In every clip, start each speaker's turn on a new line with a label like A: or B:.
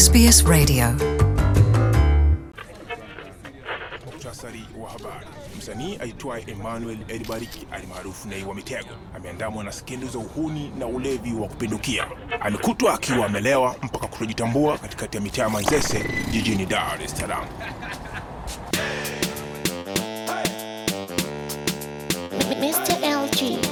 A: SBS Radio.
B: Muktasari wa habari. Msanii aitwaye Emmanuel Elibariki alimaarufu Nay wa Mitego ameandamwa na skendo za uhuni na ulevi wa kupindukia. Amekutwa akiwa amelewa mpaka kutojitambua katikati ya mitaa Manzese jijini Dar es Salaam.
C: Mr. LG.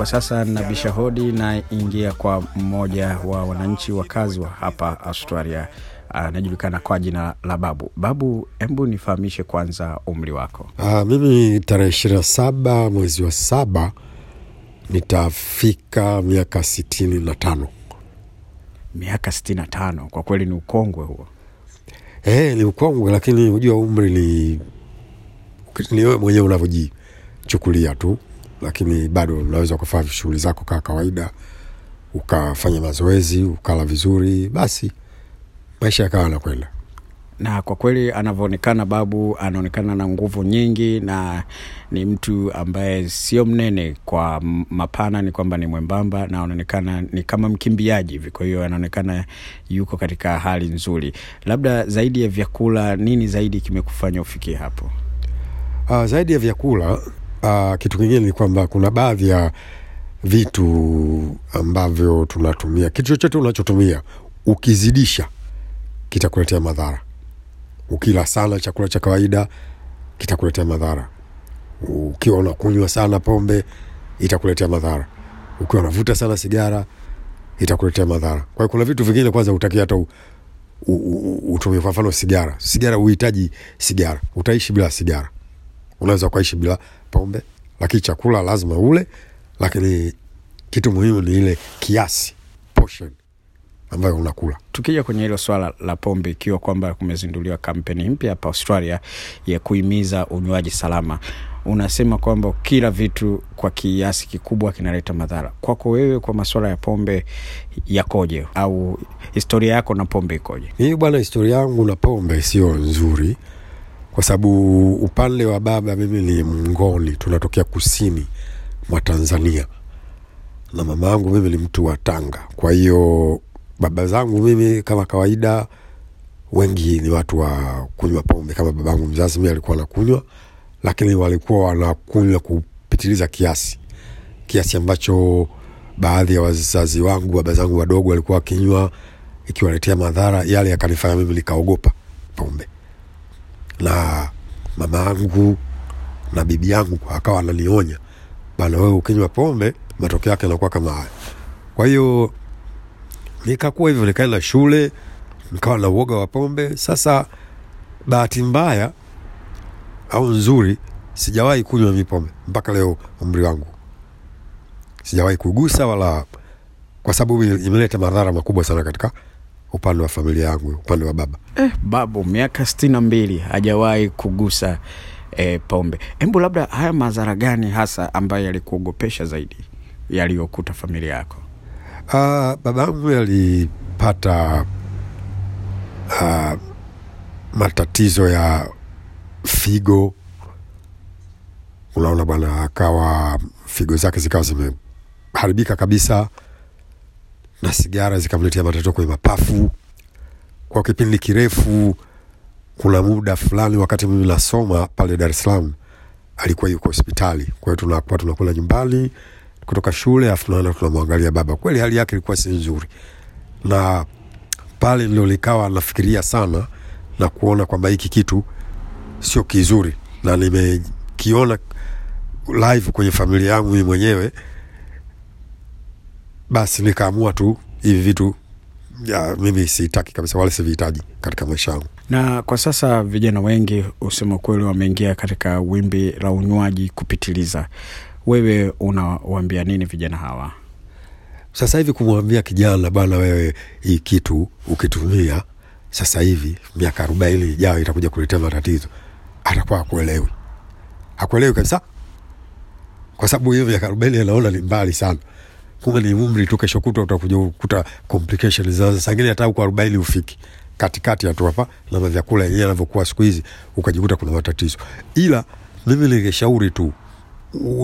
C: Kwa sasa nabisha hodi na ingia kwa mmoja wa wananchi wakazi wa hapa Australia, ah, anajulikana kwa jina la Babu. Babu, hebu nifahamishe kwanza umri wako.
A: uh, mimi tarehe saba mwezi wa saba nitafika miaka sitini na tano. Miaka sitini na tano, kwa kweli ni ukongwe huo. E, ni ukongwe, lakini hujua umri ni, niwe mwenyewe unavyojichukulia tu lakini bado unaweza ukafanya shughuli zako kaa kawaida ukafanya mazoezi ukala vizuri basi maisha yakawa anakwenda na kwa kweli anavyoonekana babu
C: anaonekana na nguvu nyingi na ni mtu ambaye sio mnene kwa mapana ni kwamba ni mwembamba na anaonekana ni kama mkimbiaji hivi kwa hiyo anaonekana yuko katika hali nzuri labda zaidi ya vyakula nini zaidi kimekufanya ufikie hapo
A: uh, zaidi ya vyakula uh, kitu kingine ni kwamba kuna baadhi ya vitu ambavyo tunatumia, kitu chochote unachotumia ukizidisha kitakuletea madhara. Ukila sana chakula cha kawaida kitakuletea madhara. Ukiwa unakunywa sana pombe itakuletea madhara. Ukiwa unavuta sana sigara itakuletea madhara. Kwa hiyo kuna vitu vingine kwanza utaki hata utumie, kwa mfano sigara. Sigara uhitaji sigara, utaishi bila sigara unaweza ukaishi bila pombe, lakini chakula lazima ule, lakini kitu muhimu ni ile kiasi portion ambayo
C: unakula. Tukija kwenye hilo swala la pombe, ikiwa kwamba kumezinduliwa kampeni mpya hapa Australia ya kuhimiza unywaji salama, unasema kwamba kila vitu kwa kiasi kikubwa kinaleta madhara kwako wewe. Kwa masuala ya pombe yakoje, au historia yako na pombe ikoje?
A: Hii bwana, historia yangu na pombe sio nzuri kwa sababu upande wa baba mimi ni Mngoli, tunatokea kusini mwa Tanzania, na mama yangu mimi ni mtu wa Tanga. Kwa hiyo baba zangu mimi kama kawaida, wengi ni watu wa kunywa pombe, kama babangu mzazi mimi alikuwa anakunywa, lakini walikuwa wanakunywa kupitiliza kiasi, kiasi ambacho baadhi ya wazazi wangu, baba zangu wadogo walikuwa wakinywa, ikiwaletea madhara yale, yakanifanya mimi nikaogopa pombe na mama yangu na bibi yangu akawa ananionya bana, wewe ukinywa pombe matokeo yake yanakuwa kama haya. Kwa hiyo nikakuwa hivyo, nikaenda shule nikawa na uoga wa pombe. Sasa bahati mbaya au nzuri, sijawahi kunywa mi pombe mpaka leo umri wangu, sijawahi kugusa wala, kwa sababu imeleta madhara makubwa sana katika upande wa familia yangu, upande wa baba. Eh, babu miaka sitini na mbili hajawahi
C: kugusa eh, pombe. Hebu labda, haya madhara gani hasa ambayo yalikuogopesha zaidi yaliyokuta familia yako?
A: Uh, ah, baba yangu alipata uh, matatizo ya figo unaona bwana, akawa figo zake zikawa zimeharibika kabisa na sigara zikamletea matatizo kwenye mapafu kwa kipindi kirefu. Kuna muda fulani, wakati mimi nasoma pale Dar es Salaam, alikuwa yuko hospitali, kwa hiyo tunakuwa tunakula nyumbani kutoka shule, afu naona tunamwangalia baba. Kweli hali yake ilikuwa si nzuri, na pale ndio nikawa nafikiria sana na kuona kwamba hiki kitu sio kizuri, na nimekiona live kwenye familia yangu mimi mwenyewe basi nikaamua tu hivi vitu ya, mimi sitaki kabisa wala sivihitaji katika maisha yangu.
C: Na kwa sasa vijana wengi, usema kweli, wameingia katika wimbi la unywaji kupitiliza. Wewe unawambia nini vijana hawa
A: sasa hivi? Kumwambia kijana bana, wewe hii kitu ukitumia sasa hivi, miaka arobaini ijayo itakuja kuletea matatizo, atakuwa akuelewi akuelewi kabisa, kwa sababu hiyo miaka arobaini anaona ni mbali sana kumbe ni umri tu, kesho kutwa utakuja kukuta complication za saa hata huko arobaini ufiki katikati ya tu hapa, vyakula yeye anavyokuwa siku hizi, ukajikuta kuna matatizo. Ila mimi ningeshauri tu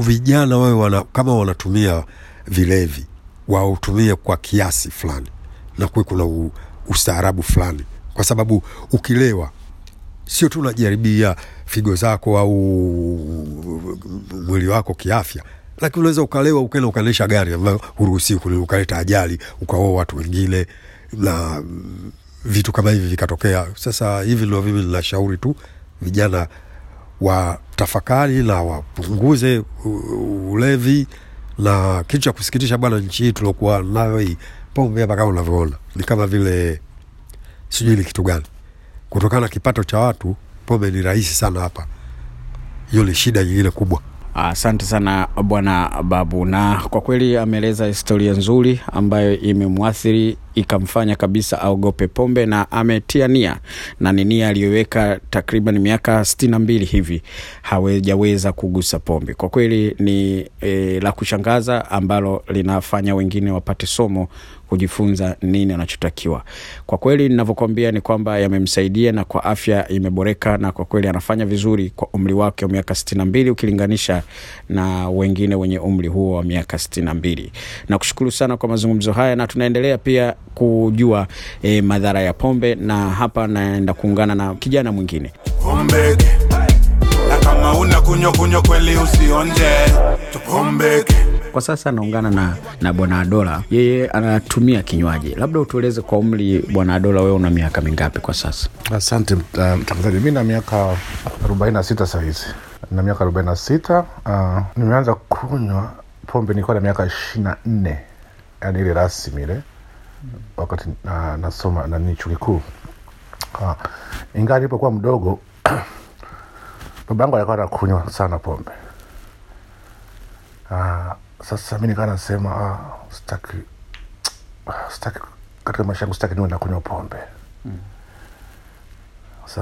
A: vijana wawe wana, kama wanatumia vilevi wautumie kwa kiasi fulani na kuwe kuna ustaarabu fulani, kwa sababu ukilewa sio tu unajaribia figo zako au mwili wako kiafya, lakini unaweza ukalewa ukaenda ukaendesha gari ambayo huruhusiwi ukaleta ajali ukaoa watu wengine na vitu kama hivi vikatokea. Sasa hivi ndo mimi ninashauri tu vijana watafakari na wapunguze ulevi na kitu cha kusikitisha bwana, nchi hii tuliokuwa nayo hii pombe hapa kama unavyoona ni kama vile sijui ni kitu gani, kutokana na kipato cha watu pombe ni rahisi sana hapa. Hiyo ni shida nyingine kubwa. Asante sana Bwana Babu,
C: na kwa kweli ameeleza historia nzuri ambayo imemwathiri ikamfanya kabisa aogope pombe na ametia nia na ni nia aliyoweka takriban miaka sitini na mbili hivi hawejaweza kugusa pombe. Kwa kweli ni e, la kushangaza ambalo linafanya wengine wapate somo kujifunza nini anachotakiwa. Kwa kweli ninavyokwambia ni kwamba yamemsaidia na kwa afya imeboreka, na kwa kweli anafanya vizuri kwa umri wake wa miaka sitini na mbili ukilinganisha na wengine wenye umri huo wa miaka sitini na mbili. Nakushukuru sana kwa mazungumzo haya na tunaendelea pia kujua e, madhara ya pombe, na hapa naenda kuungana na kijana mwingine
B: Pombeke, na kama una kweli usionje tupombeke.
C: Kwa sasa anaungana na, na Bwana Adola, yeye anatumia kinywaji. Labda utueleze kwa umri, Bwana Adola, wewe una miaka mingapi kwa sasa?
B: Asante mtangazaji, mi na miaka 46 sahizi, na miaka 46 uh, ah, nimeanza kunywa pombe nikiwa na miaka 24, yani ile rasmi ile wakati na, nasoma nani chuo kikuu ah, ingaa nilipokuwa mdogo baba yangu alikuwa anakunywa sana pombe uh, sasa mi nikaa nasema uh, sitaki sitaki katika maisha yangu sitaki niwe nakunywa pombe mm.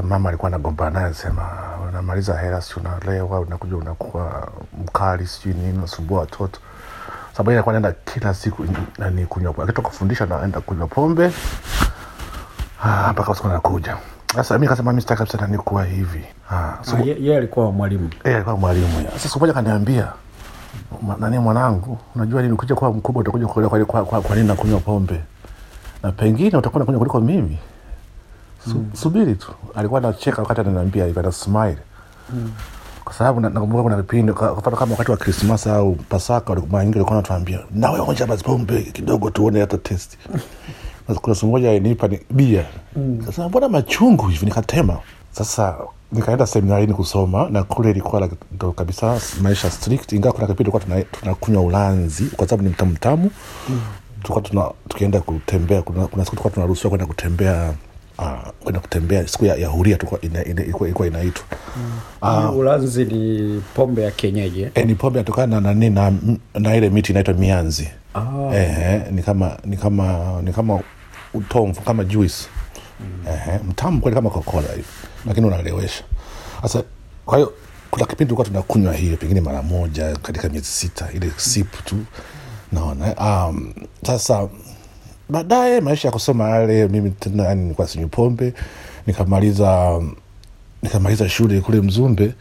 B: mama alikuwa anagombana naye sema unamaliza hela, si unalewa, unakuja unakuwa mkali, sijui nini, nasumbua watoto sababu yeye alikuwa kila siku nani kunywa pombe, akitoka kufundisha naenda kunywa pombe ah, mpaka usiku nakuja Sasa mimi kasema mimi kabisa nani kuwa hivi. Ah, so, yeye ah, alikuwa mwalimu. Yeye eh, alikuwa mwalimu. Sasa siku kaniambia nani, mwanangu, unajua nini, ukija kuwa mkubwa utakuja kuelewa kwa, kwa, kwa, kwa nini nakunywa pombe na pengine utakuwa nakunywa kuliko mimi. Su, mm. Subiri tu. Alikuwa anacheka wakati ananiambia hivi ana smile. Mm kwa sababu nakumbuka kuna vipindi kama wakati wa krismas au pasaka mara nyingi natuambia nawe onja mazipombe kidogo tuone hata kuna siku moja nipa ni bia mm. mbona machungu hivi nikatema sasa nikaenda seminarini kusoma na kule ilikuwa ndo kabisa maisha strict ingawa kuna kipindi kuwa tunakunywa ulanzi kwa sababu ni mtamutamu mm. tukaenda kutembea kuna, kuna siku tukawa tunaruhusiwa kwenda kutembea uh, kwenda kutembea siku ya, ya huria tuka ina, ina, ina, ina, inaitwa
C: mm. uh, ulanzi ni pombe ya kenyeji eh, Eh, ni
B: pombe yatokana na nani na, na ile miti inaitwa mianzi ah. eh, eh, ni kama ni kama ni kama utomfu kama juice mm. eh, mtamu kweli kama kokola hivi lakini unalewesha sasa kwa hiyo kuna kipindi tulikuwa tunakunywa hiyo pengine mara moja katika miezi sita ile sip tu naona um, sasa baadaye maisha ya kusoma yale, mimi tena nilikuwa sinywi pombe, nikamaliza nikamaliza shule kule Mzumbe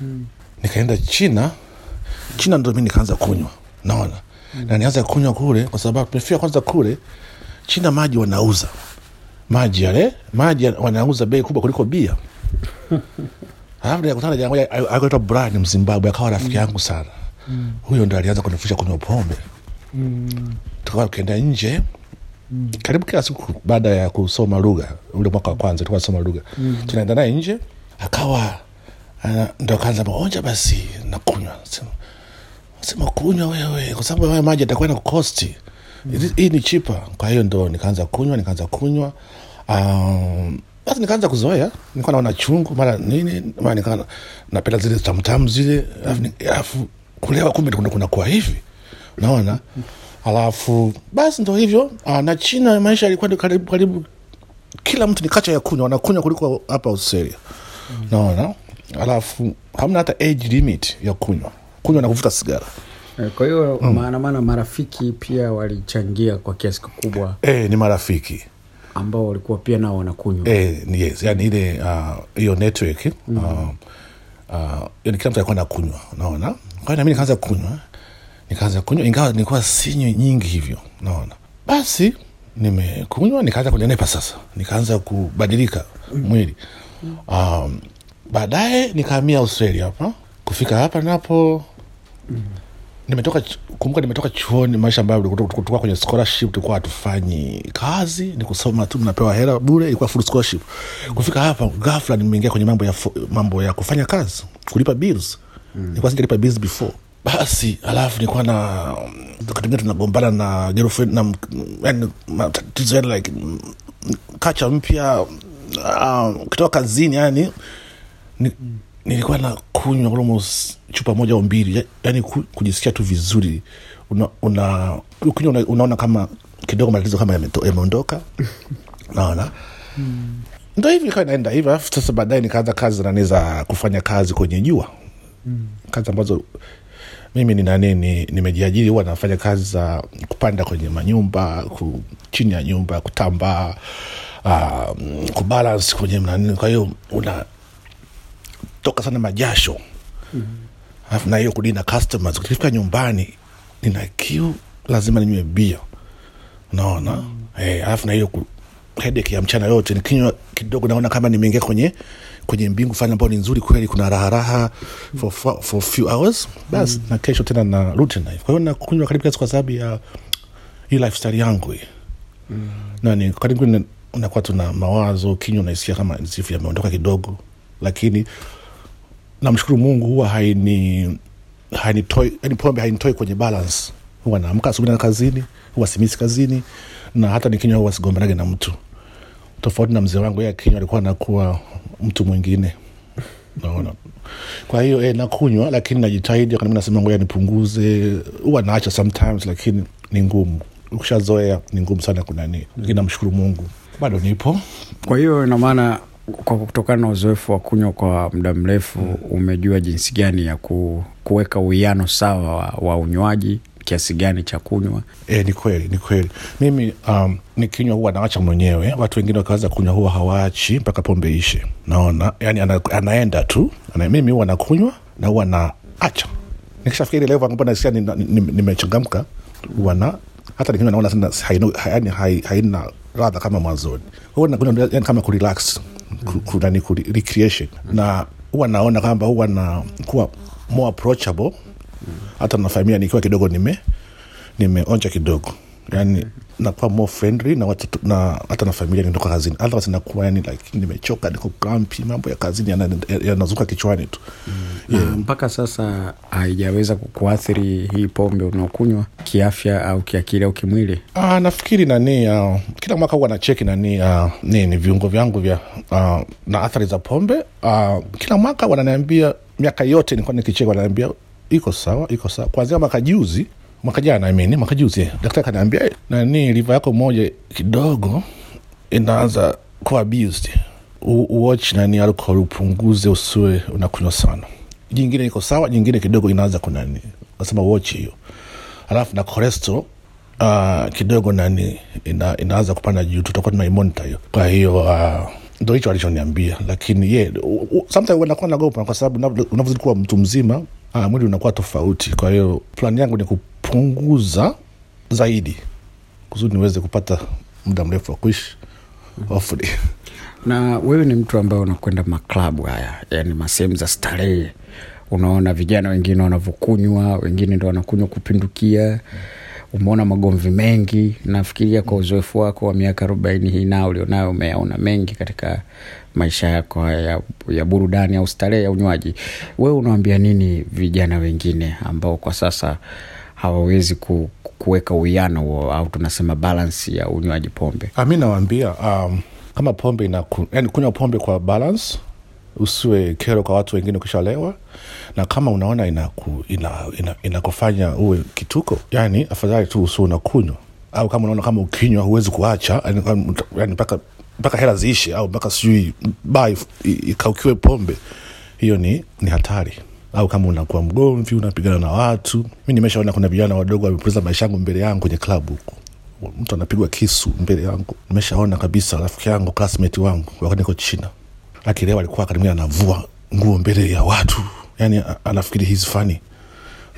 B: mm. nikaenda China. China ndo mi nikaanza kunywa, naona mm. na nianza kunywa kule, kwa sababu tumefika kwanza kule China maji wanauza maji yale maji wanauza bei kubwa kuliko bia alafu nikakutana jamoja moja brani Mzimbabwe, akawa rafiki mm. yangu sana mm. huyo ndo alianza kunifusha kunywa pombe mm. tukawa tukaenda nje mm. karibu kila siku baada ya kusoma lugha ule mwaka wa kwanza tuasoma lugha mm. tunaenda naye nje akawa uh, ah, ndo kaanza maonja basi nakunywa sema, kunywa wewe kwa sababu ayo maji atakuwa na kosti mm. ni chipa kwa hiyo ndo nikaanza kunywa nikaanza kunywa um, basi nikaanza kuzoea nikuwa naona chungu mara nini mara nikaa napenda zile tamtamu zile alafu kulewa kumbe kuna kuwa hivi unaona mm alafu basi ndo hivyo ah, na china maisha yalikuwa ni karibu karibu kila mtu ni kacha ya kunywa wanakunywa kuliko hapa australia mm. naona alafu hamna hata age limit ya kunywa kunywa na kuvuta sigara eh, kwa hiyo mm.
C: maanamana marafiki pia walichangia kwa kiasi kikubwa
B: e, ni marafiki ambao walikuwa pia nao wanakunywa e, yes, yani ile ah, hiyo uh, network mm. uh, uh, yani kila mtu alikuwa nakunywa naona kwa hiyo nami nikaanza kunywa nikaanza kunywa, ingawa nilikuwa sinywi nyingi hivyo, naona basi nimekunywa nikaanza kunenepa sasa, nikaanza kubadilika mwili um, baadaye nikahamia Australia hapa. Kufika hapa napo nimetoka kumbuka, nimetoka chuoni, maisha ambayo tulikuwa kwenye scholarship, tulikuwa hatufanyi kazi, ni kusoma tu, mnapewa hela bure, ilikuwa full scholarship. Kufika hapa ghafla nimeingia kwenye mambo ya, mambo ya kufanya kazi, kulipa bills. Nilikuwa sijalipa bills before basi alafu nilikuwa na wakati mgine tunagombana na girlfriend na yani matatizo yale like kacha mpya uh, ah, kitoka kazini yani ni, nilikuwa na kunywa almost chupa moja au mbili yani kujisikia tu vizuri una, una ukinywa una, unaona kama kidogo matatizo kama yameondoka naona mm. ndo hivi ikawa inaenda hivi alafu sasa baadaye nikaanza kazi nani za kufanya kazi kwenye jua mm. kazi ambazo mimi ni nanini nimejiajiri huwa nafanya kazi za kupanda kwenye manyumba ku, chini ya nyumba kutambaa uh, kubalans kwenye nani kwa hiyo toka sana majasho mm-hmm na hiyo kudina customers nyumbani nina kiu lazima ninywe bia unaona mm. hey, eh, alafu na hiyo ya mchana yote nikinywa kidogo naona kama nimeingia kwenye kwenye mbingu fani ambao ni nzuri kweli kuna raharaha for, for, few hours basi mm. na kesho tena na routine life kwa hiyo nakunywa karibu kiasi kwa sababu ya hii lifestyle yangu hii mm. nani karibu unakuwa tuna mawazo kinywa unahisikia kama sifu yameondoka kidogo lakini namshukuru mungu huwa haini hainitoi yani pombe hainitoi kwenye balance huwa naamka asubuhi na kazini huwa simisi kazini na hata nikinywa huwa sigombanage na mtu tofauti na mzee wangu ya kinywa alikuwa anakuwa mtu mwingine naona kwa hiyo eh, nakunywa lakini najitahidi kama nasema ngoja nipunguze huwa naacha sometimes lakini ni ngumu ukishazoea ni ngumu sana kunani lakini namshukuru mungu bado nipo
C: kwa hiyo inamaana kwa kutokana na uzoefu wa kunywa kwa muda mrefu umejua jinsi gani ya ku, kuweka uwiano sawa wa, wa unywaji kiasi
B: gani cha kunywa e, ni kweli ni kweli mimi um, nikinywa huwa anawacha mwenyewe watu wengine wakaweza kunywa huwa hawaachi mpaka pombe ishe naona yani ana, anaenda tu ana, mimi huwa nakunywa na huwa naacha nikishafika ile levo ambapo nasikia nimechangamka ni, ni, ni huwa na hata nikinywa naona sina haina, haina, haina radha kama mwanzoni huwa nakunywa yani kama kurelax kunani ku recreation na huwa naona kwamba huwa nakuwa more approachable hata nafamia nikiwa kidogo nime nimeonja kidogo yani nakuwa more friendly na watu na hata na familia nitoka kazini otherwise nakuwa yani like nimechoka niko kampi mambo ya kazini yanazuka ya, ya kichwani tu mm. yeah. mpaka sasa haijaweza kukuathiri hii pombe unaokunywa kiafya au kiakili au kimwili ah, nafikiri nani uh, kila mwaka huwa nacheki nani uh, ah, ni, ni viungo vyangu vya uh, na athari za pombe uh, kila mwaka wananiambia miaka yote nilikuwa nikicheki wananiambia iko sawa, iko sawa. Kwanzia mwaka juzi, mwaka jana, I mean, mwaka juzi daktari kanaambia nani, liva yako moja kidogo inaanza kuwa abused, uwatch nani alcohol, upunguze, usiwe unakunywa sana. Jingine iko sawa, jingine kidogo inaanza kunani, nasema watch hiyo, alafu na cholesterol uh, kidogo nani ina, inaanza kupanda juu, tutakuwa tunaimonita hiyo. Kwa hiyo uh, ah, ndo hicho alichoniambia, lakini ye yeah, sometimes unakuwa nagopa kwa sababu unavyozidi kuwa mtu mzima uh, mwili unakuwa tofauti. Kwa hiyo plani yangu ni kupunguza zaidi kusudi niweze kupata muda mrefu wa kuishi
C: hopefully. Na wewe ni mtu ambaye unakwenda maklabu haya, yani masehemu za starehe, unaona vijana wengine wanavyokunywa, wengine ndo wanakunywa kupindukia mm umeona magomvi mengi. Nafikiria kwa uzoefu wako wa miaka arobaini hii nao ulionayo umeyaona mengi katika maisha yako ya, ya burudani au starehe ya unywaji. Wewe unawambia nini vijana wengine ambao kwa sasa hawawezi
B: ku, kuweka uwiano au tunasema balansi ya unywaji pombe? Ah, mi nawambia um, kama pombe inaku, yani kunywa pombe kwa balance usiwe kero kwa watu wengine ukishalewa na kama unaona inakufanya ina, ina, ina uwe kituko yani afadhali tu usiwe unakunywa au kama unaona kama ukinywa huwezi kuacha yani mpaka mpaka hela ziishe au mpaka sijui ba ikaukiwe pombe hiyo ni, ni hatari au kama unakuwa mgomvi unapigana na watu mi nimeshaona kuna vijana wadogo wamepoteza maisha yangu mbele yangu kwenye klabu huku mtu anapigwa kisu mbele yangu nimeshaona kabisa rafiki yangu classmate wangu wakaniko china akielewa alikuwa akalimia anavua nguo mbele ya watu yani anafikiri hizi fani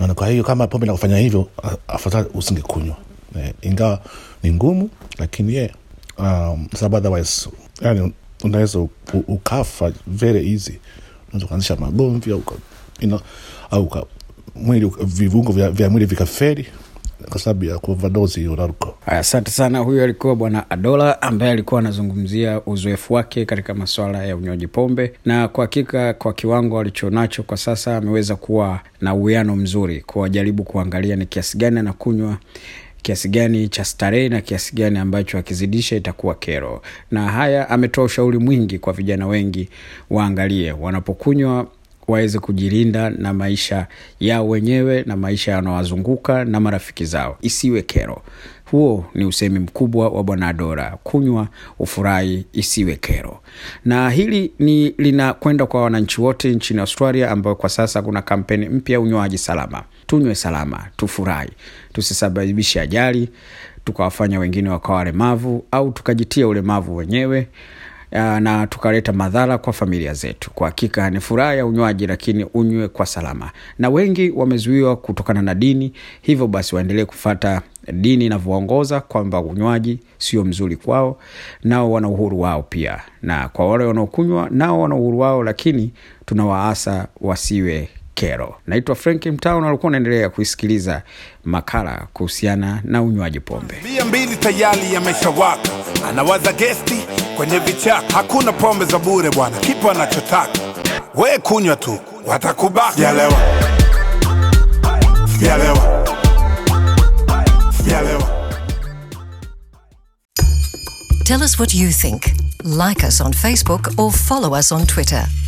B: na kwa hiyo kama pombe nakufanya hivyo afadhali usingekunywa eh, ingawa ni ngumu lakini ye um, sababu otherwise yani unaweza ukafa very easy unaweza ukaanzisha magomvi au you know, au mwili viungo vya, vya mwili vikaferi kwa sababu ya kuvadozi unarko asante sana huyo alikuwa bwana adola ambaye alikuwa
C: anazungumzia uzoefu wake katika masuala ya unywaji pombe na kwa hakika kwa kiwango alichonacho kwa sasa ameweza kuwa na uwiano mzuri kuwajaribu kuangalia ni kiasi gani anakunywa kiasi gani cha starehe na kiasi gani ambacho akizidisha itakuwa kero na haya ametoa ushauri mwingi kwa vijana wengi waangalie wanapokunywa waweze kujilinda na maisha yao wenyewe na maisha yanawazunguka na marafiki zao, isiwe kero. Huo ni usemi mkubwa wa Bwana Dora, kunywa ufurahi, isiwe kero. Na hili ni linakwenda kwa wananchi wote nchini Australia, ambayo kwa sasa kuna kampeni mpya, unywaji salama. Tunywe salama, tufurahi, tusisababishe ajali tukawafanya wengine wakawa walemavu au tukajitia ulemavu wenyewe. Ah, na tukaleta madhara kwa familia zetu. Kwa hakika ni furaha ya unywaji, lakini unywe kwa salama, na wengi wamezuiwa kutokana na dini. Hivyo basi waendelee kufata dini inavyoongoza kwamba unywaji sio mzuri kwao, nao wana uhuru wao pia, na kwa wale wanaokunywa nao wana uhuru wao, lakini tunawaasa wasiwe kero. Naitwa Frank mtao alikuwa unaendelea kuisikiliza makala kuhusiana na unywaji pombe.
B: mia mbili tayari yameshawaka, anawaza gesti kwenye vichaka, hakuna pombe za bure bwana, kipa anachotaka we kunywa tu, watakubaka jalewa, jalewa, jalewa. Tell us what you think. Like us on Facebook or follow us on Twitter.